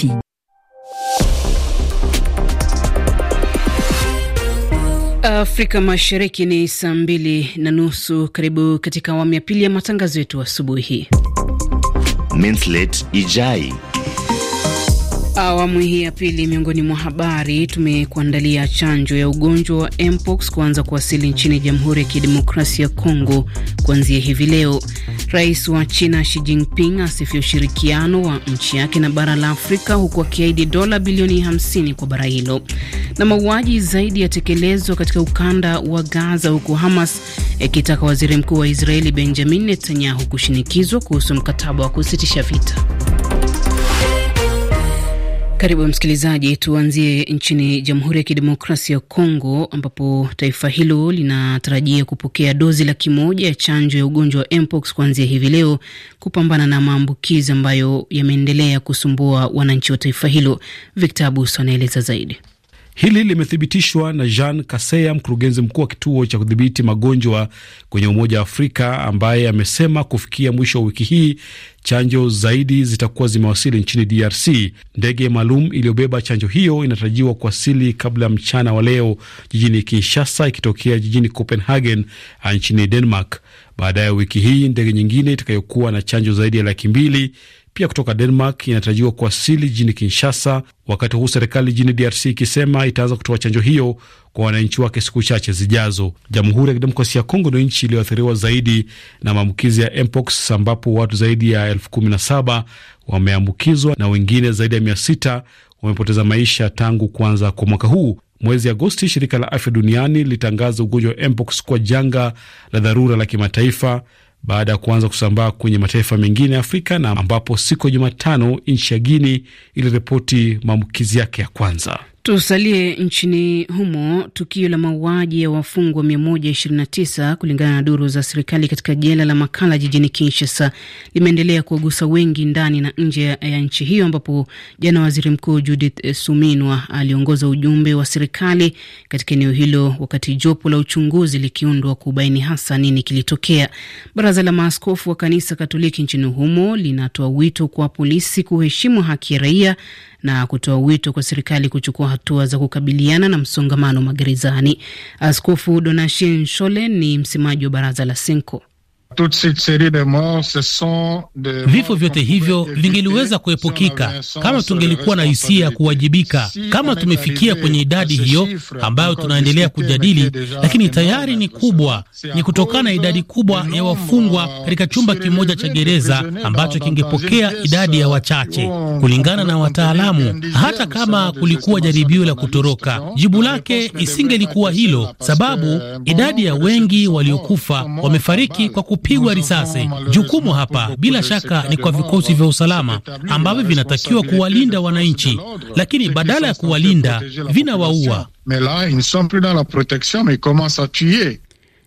Fi. Afrika Mashariki ni saa mbili na nusu. Karibu katika awamu ya pili ya matangazo yetu asubuhi. Minslet Ijai. Awamu hii ya pili, miongoni mwa habari tumekuandalia: chanjo ya ugonjwa wa mpox kuanza kuwasili nchini Jamhuri ya Kidemokrasia ya Kongo kuanzia hivi leo; Rais wa China Xi Jinping asifia ushirikiano wa nchi yake na bara la Afrika huku akiahidi dola bilioni 50 kwa bara hilo. Na mauaji zaidi yatekelezwa katika ukanda wa Gaza, huku Hamas ikitaka waziri mkuu wa Israeli Benjamin Netanyahu kushinikizwa kuhusu mkataba wa kusitisha vita. Karibu msikilizaji, tuanzie nchini Jamhuri ya Kidemokrasia ya Kongo ambapo taifa hilo linatarajia kupokea dozi laki moja ya chanjo ya ugonjwa wa mpox kuanzia hivi leo kupambana na maambukizi ambayo yameendelea kusumbua wananchi wa taifa hilo. Victor Abuso anaeleza zaidi. Hili limethibitishwa na Jean Kaseya, mkurugenzi mkuu wa kituo cha kudhibiti magonjwa kwenye Umoja wa Afrika, ambaye amesema kufikia mwisho wa wiki hii chanjo zaidi zitakuwa zimewasili nchini DRC. Ndege maalum iliyobeba chanjo hiyo inatarajiwa kuwasili kabla ya mchana wa leo jijini Kinshasa, ikitokea jijini Copenhagen nchini Denmark. Baadaye wiki hii ndege nyingine itakayokuwa na chanjo zaidi ya laki mbili pia kutoka Denmark inatarajiwa kuwasili jijini Kinshasa, wakati huu serikali jini DRC ikisema itaanza kutoa chanjo hiyo kwa wananchi wake siku chache zijazo. Jamhuri ya Kidemokrasia ya Kongo ndio nchi iliyoathiriwa zaidi na maambukizi ya mpox, ambapo watu zaidi ya elfu kumi na saba wameambukizwa na wengine zaidi ya mia sita wamepoteza maisha tangu kuanza kwa mwaka huu. Mwezi Agosti, shirika la afya duniani litangaza ugonjwa wa mpox kuwa janga la dharura la kimataifa baada ya kuanza kusambaa kwenye mataifa mengine ya Afrika na ambapo siku ya Jumatano nchi ya Guini iliripoti maambukizi yake ya kwanza. Tusalie nchini humo. Tukio la mauaji ya wafungwa 129 kulingana na duru za serikali katika jela la Makala jijini Kinshasa limeendelea kuwagusa wengi ndani na nje ya nchi hiyo, ambapo jana waziri mkuu Judith Suminwa aliongoza ujumbe wa serikali katika eneo hilo, wakati jopo la uchunguzi likiundwa kubaini hasa nini kilitokea. Baraza la maaskofu wa kanisa Katoliki nchini humo linatoa wito kwa polisi kuheshimu haki ya raia na kutoa wito kwa serikali kuchukua hatua za kukabiliana na msongamano magerezani. Askofu Donatien Shole ni msemaji wa baraza la Senko. Vifo vyote hivyo vingeliweza kuepukika kama tungelikuwa na hisia ya kuwajibika. Kama tumefikia kwenye idadi hiyo ambayo tunaendelea kujadili, lakini tayari ni kubwa, ni kutokana na idadi kubwa ya wafungwa katika chumba kimoja cha gereza ambacho kingepokea idadi ya wachache, kulingana na wataalamu. Hata kama kulikuwa jaribio la kutoroka, jibu lake isingelikuwa hilo, sababu idadi ya wengi waliokufa wamefariki kwa kupigwa risasi. Jukumu hapa bila shaka ni kwa vikosi vya usalama ambavyo vinatakiwa kuwalinda wananchi, lakini badala ya kuwalinda vinawaua.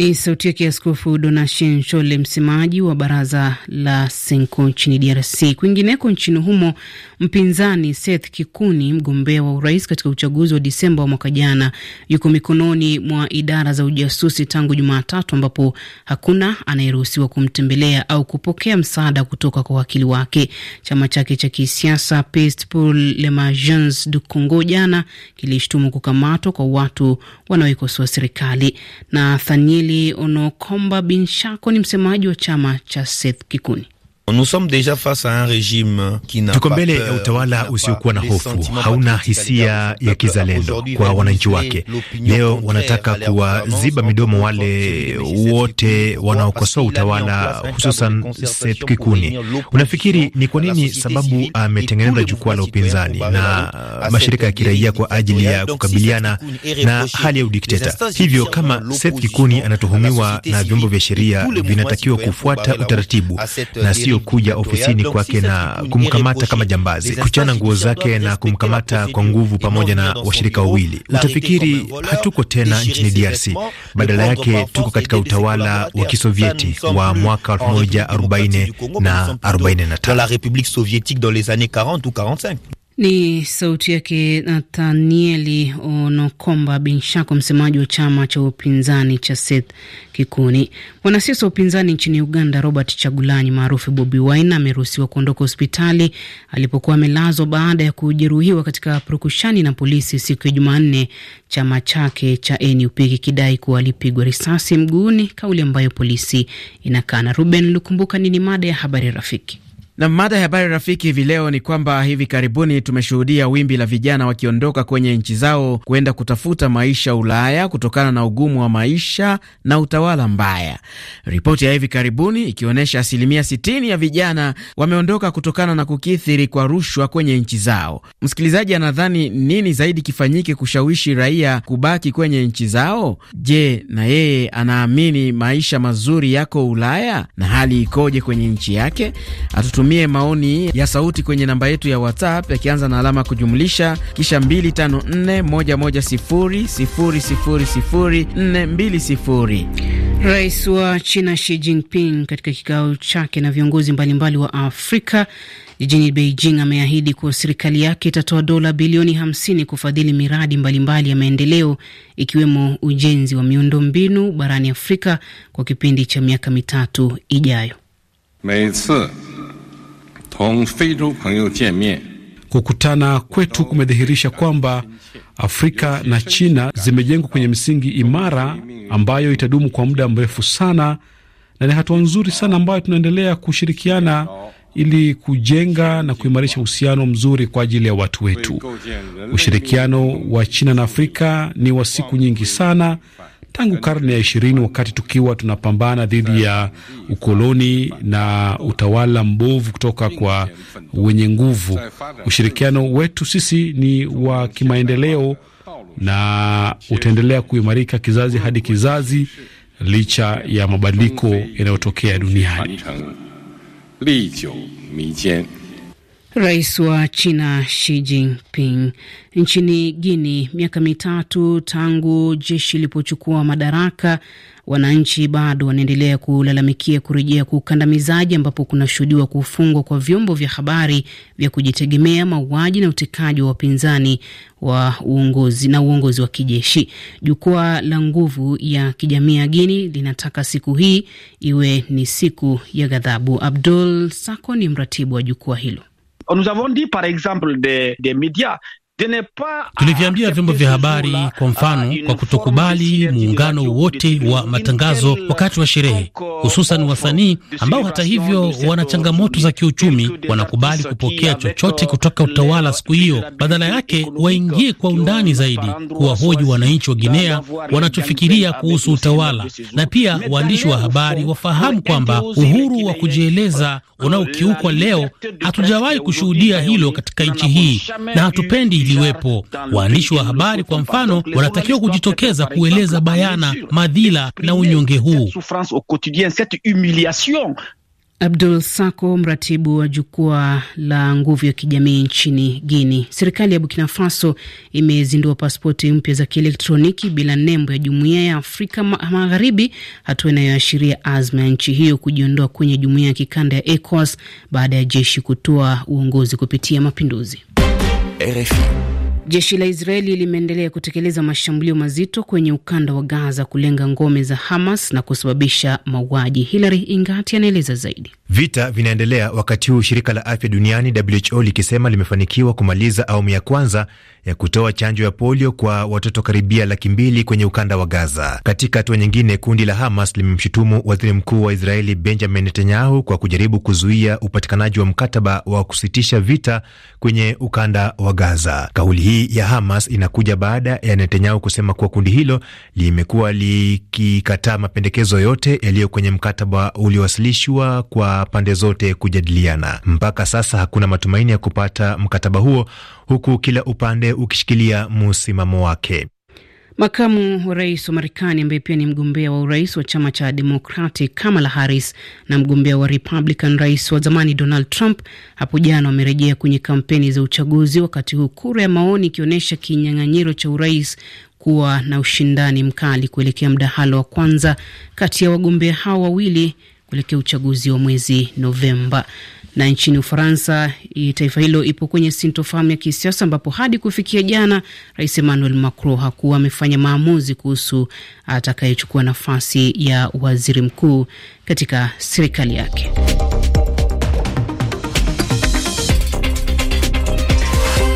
Ni sauti ya Kiaskofu Donatien Shole, msemaji wa baraza la Senko nchini DRC. Kwingineko nchini humo, mpinzani Seth Kikuni, mgombea wa urais katika uchaguzi wa Disemba wa mwaka jana, yuko mikononi mwa idara za ujasusi tangu Jumatatu, ambapo hakuna anayeruhusiwa kumtembelea au kupokea msaada kutoka kwa wakili wake. Chama chake cha kisiasa Past pour l'Emergence du Congo jana kilishtumu kukamatwa kwa watu wanaoikosoa serikali na Thaniel Emmanuel Onokomba Binshako ni msemaji wa chama cha Seth Kikuni. Nous sommes déjà face à un régime qui na, tuko mbele ya utawala usiokuwa na hofu, hauna hisia ya kizalendo kwa wananchi wake. Leo wanataka kuwaziba midomo wale wote wanaokosoa utawala, hususan Seth Kikuni. Unafikiri ni kwa nini sababu ametengeneza jukwaa la upinzani na mashirika ya kiraia kwa ajili ya kukabiliana na hali ya udikteta? Hivyo kama Seth Kikuni anatuhumiwa na vyombo vya sheria, vinatakiwa kufuata utaratibu na sio waliokuja ofisini kwake na kumkamata kama jambazi, kuchana nguo zake na kumkamata kwa nguvu pamoja na washirika wawili. Utafikiri hatuko tena nchini DRC, badala yake tuko katika utawala wa Kisovieti wa mwaka 1940 na 45. Ni sauti yake Nathanieli Onokomba Binshako, msemaji wa chama cha upinzani cha Seth Kikuni. Mwanasiasa wa upinzani nchini Uganda Robert Chagulanyi maarufu Bobi Wine ameruhusiwa kuondoka hospitali alipokuwa amelazwa baada ya kujeruhiwa katika prokushani na polisi siku ya Jumanne, chama chake cha NUP kikidai kuwa alipigwa risasi mguuni, kauli ambayo polisi inakana. Ruben Lukumbuka, nini mada ya habari rafiki? Na mada ya habari rafiki hivi leo ni kwamba hivi karibuni tumeshuhudia wimbi la vijana wakiondoka kwenye nchi zao kuenda kutafuta maisha Ulaya kutokana na ugumu wa maisha na utawala mbaya. Ripoti ya hivi karibuni ikionyesha asilimia 60 ya vijana wameondoka kutokana na kukithiri kwa rushwa kwenye nchi zao. Msikilizaji anadhani nini zaidi kifanyike kushawishi raia kubaki kwenye nchi zao? Je, na yeye anaamini maisha mazuri yako Ulaya na hali ikoje kwenye nchi yake? Atutumia tutumie maoni ya sauti kwenye namba yetu ya WhatsApp yakianza na alama kujumlisha kisha 254110000420. Rais wa China Xi Jinping katika kikao chake na viongozi mbalimbali wa Afrika jijini Beijing ameahidi kuwa serikali yake itatoa dola bilioni 50 kufadhili miradi mbalimbali mbali ya maendeleo ikiwemo ujenzi wa miundombinu barani Afrika kwa kipindi cha miaka mitatu ijayo. 同非洲朋友见面。Kukutana kwetu kumedhihirisha kwamba Afrika na China zimejengwa kwenye misingi imara ambayo itadumu kwa muda mrefu sana, na ni hatua nzuri sana ambayo tunaendelea kushirikiana ili kujenga na kuimarisha uhusiano mzuri kwa ajili ya watu wetu. Ushirikiano wa China na Afrika ni wa siku nyingi sana tangu karne ya ishirini, wakati tukiwa tunapambana dhidi ya ukoloni na utawala mbovu kutoka kwa wenye nguvu. Ushirikiano wetu sisi ni wa kimaendeleo na utaendelea kuimarika kizazi hadi kizazi, licha ya mabadiliko yanayotokea duniani. Rais wa China Xi Jinping nchini Guini. Miaka mitatu tangu jeshi lilipochukua madaraka, wananchi bado wanaendelea kulalamikia kurejea kwa ukandamizaji, ambapo kunashuhudiwa kufungwa kwa vyombo vya habari vya kujitegemea, mauaji na utekaji wa wapinzani wa uongozi na uongozi wa kijeshi. Jukwaa la nguvu ya kijamii ya Guini linataka siku hii iwe ni siku ya ghadhabu. Abdul Sako ni mratibu wa jukwaa hilo. Nous avons dit, par exemple, des, médias. Tuliviambia vyombo vya habari kwa uh, mfano, kwa kutokubali muungano wote wa matangazo wakati wa sherehe, hususan wasanii ambao hata hivyo wana changamoto za kiuchumi, wanakubali kupokea chochote kutoka utawala siku hiyo. Badala yake waingie kwa undani zaidi kuwahoji wananchi wa Guinea wanachofikiria kuhusu utawala, na pia waandishi wa habari wafahamu kwamba uhuru wa kujieleza euh, unaokiukwa leo, hatujawahi kushuhudia hilo katika nchi hii na hatupendi viliwepo. Waandishi wa habari, kwa mfano, wanatakiwa kujitokeza kueleza bayana madhila na unyonge huu. Abdul Sako, mratibu wa jukwaa la nguvu ya kijamii nchini Guini. Serikali ya Burkina Faso imezindua paspoti mpya za kielektroniki bila nembo ya Jumuiya ya Afrika Magharibi, hatua inayoashiria azma ya nchi hiyo kujiondoa kwenye jumuiya ya kikanda ya ECOWAS baada ya jeshi kutoa uongozi kupitia mapinduzi. RFI. Jeshi la Israeli limeendelea kutekeleza mashambulio mazito kwenye ukanda wa Gaza kulenga ngome za Hamas na kusababisha mauaji. Hilary Ingati anaeleza zaidi. Vita vinaendelea wakati huu shirika la afya duniani WHO likisema limefanikiwa kumaliza awamu ya kwanza ya kutoa chanjo ya polio kwa watoto karibia laki mbili kwenye ukanda wa Gaza. Katika hatua nyingine, kundi la Hamas limemshutumu waziri mkuu wa Israeli Benjamin Netanyahu kwa kujaribu kuzuia upatikanaji wa mkataba wa kusitisha vita kwenye ukanda wa Gaza. Kauli hii ya Hamas inakuja baada ya Netanyahu kusema kuwa kundi hilo limekuwa likikataa mapendekezo yote yaliyo kwenye mkataba uliowasilishwa kwa pande zote kujadiliana. Mpaka sasa hakuna matumaini ya kupata mkataba huo huku kila upande ukishikilia msimamo wake. Makamu wa rais wa Marekani ambaye pia ni mgombea wa urais wa chama cha Democratic Kamala Harris na mgombea wa Republican rais wa zamani Donald Trump hapo jana wamerejea kwenye kampeni za uchaguzi, wakati huu kura ya maoni ikionyesha kinyang'anyiro cha urais kuwa na ushindani mkali kuelekea mdahalo wa kwanza kati ya wagombea hao wawili kuelekea uchaguzi wa mwezi Novemba. Na nchini Ufaransa, taifa hilo ipo kwenye sintofahamu ya kisiasa ambapo hadi kufikia jana Rais Emmanuel Macron hakuwa amefanya maamuzi kuhusu atakayechukua nafasi ya waziri mkuu katika serikali yake.